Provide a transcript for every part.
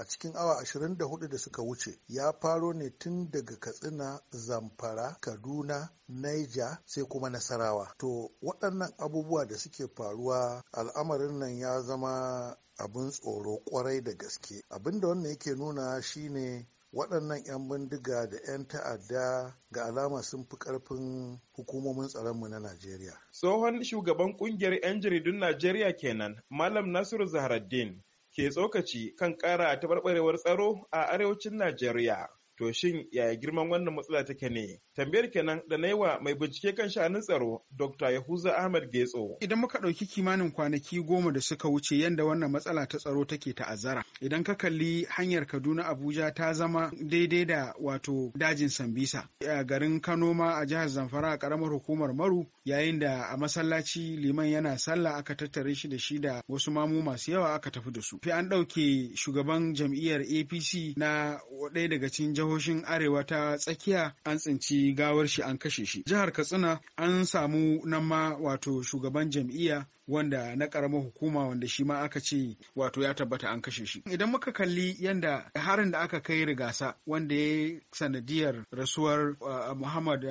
a cikin awa 24 da suka wuce ya faro ne tun daga katsina zamfara kaduna naija sai kuma nasarawa to waɗannan abubuwa da suke faruwa al'amarin nan ya zama abin tsoro kwarai da gaske abinda wannan yake nuna shine waɗannan 'yan bindiga da 'yan ta'adda ga alama sun fi ƙarfin hukumomin tsaronmu na Najeriya. Tsohon shugaban ƙungiyar 'yan jaridun Najeriya kenan, Malam Nasiru Zaharaddin, ke tsokaci kan ƙara taɓarɓarewar tsaro a arewacin Najeriya. To shin yaya girman wannan matsala take ne? Tambayar kenan da na yi wa mai bincike kan sha'anin tsaro Dr. Yahuza Ahmad Getso. Idan muka ɗauki kimanin kwanaki goma da suka wuce yadda wannan matsala ta tsaro take ta'azzara. Idan ka kalli hanyar Kaduna Abuja ta zama daidai da wato dajin Sambisa. A garin Kano ma a jihar Zamfara a karamar hukumar Maru yayin da a masallaci liman yana sallah aka tattare shi da shi da wasu mamu masu yawa aka tafi da su. Fi an ɗauke shugaban jam'iyyar APC na ɗaya daga cikin jihohin arewa ta tsakiya an tsinci gawar shi an kashe shi jihar katsina an samu nan ma wato shugaban jam'iyya wanda na karamar hukuma wanda shi ma aka ce wato ya tabbata an kashe shi idan muka kalli yanda harin da aka kai rigasa wanda ya sanadiyar rasuwar muhammad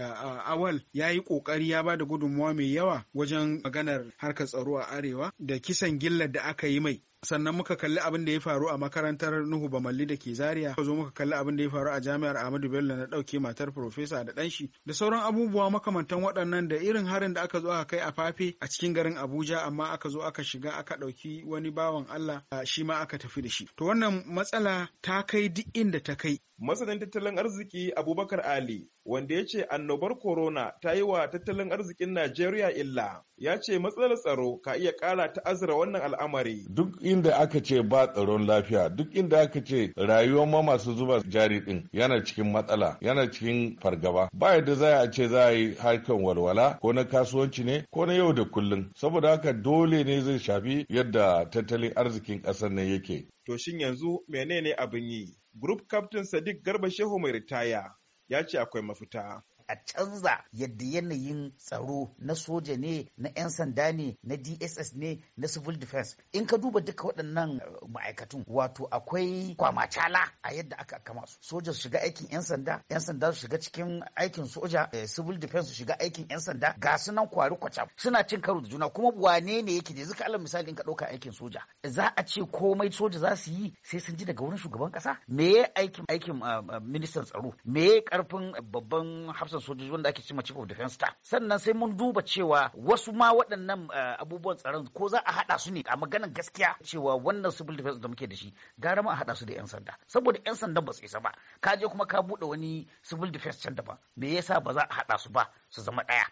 awal ya yi kokari ya ba da gudunmuwa mai yawa wajen maganar harkar tsaro a arewa da kisan gillar da aka yi mai sannan muka kalli abin da ya faru a makarantar Nuhu Bamalli da ke Zaria zo muka kalli abin da ya faru a jami'ar Ahmadu Bello na ɗauke matar profesa da ɗanshi da sauran abubuwa makamantan waɗannan da irin harin da aka zo aka kai a fafe a cikin garin Abuja amma aka zo aka shiga aka ɗauki wani bawan Allah shi ma aka tafi da shi to wannan matsala ta kai duk inda ta kai masanin tattalin arziki Abubakar Ali wanda ya ce annobar corona ta yi wa tattalin arzikin Najeriya illa ya ce matsalar tsaro ka iya ƙara azura wannan al'amari duk inda aka ce ba tsaron lafiya duk inda aka ce rayuwar ma masu zuba jari din yana cikin matsala yana cikin fargaba ba yadda za a ce za a yi harkan walwala ko na kasuwanci ne ko na yau da kullum saboda haka dole ne zai shafi yadda tattalin arzikin ƙasar nan yake to shin yanzu menene abin yi group captain sadiq garba shehu mai ritaya ya ce akwai mafita a canza yadda yanayin tsaro na soja ne na 'yan sanda ne na dss ne na civil defense in ka duba duka waɗannan uh, ma'aikatun wato akwai kwamacala a yadda aka kama su soja su shiga aikin 'yan sanda 'yan sanda su shiga cikin aikin soja eh, civil defense su shiga aikin 'yan sanda ga su nan kwari kwaca suna cin karo da juna kuma wane ne yake da zuka alal misali in ka ɗauka aikin soja za a ce komai soja za su yi sai sun ji daga wurin shugaban ƙasa, me aikin aikin uh, uh, ministan tsaro me karfin babban hafsa hafsan sojoji wanda ake cewa chief of defense staff sannan sai mun duba cewa wasu ma waɗannan eh, abubuwan tsaron ko za a haɗa su ne a maganar gaskiya cewa wannan civil defense da muke da shi gara ma a haɗa su da 'yan sanda saboda 'yan sandan ba su isa ba ka je kuma ka buɗe wani civil defense can daban me yasa ba za a haɗa su ba su zama ɗaya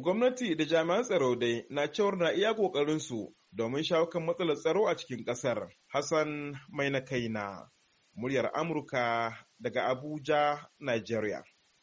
gwamnati da jami'an tsaro dai na cewar na iya kokarin su domin shawo kan matsalar tsaro a cikin ƙasar hassan mai na kaina muryar amurka daga abuja nigeria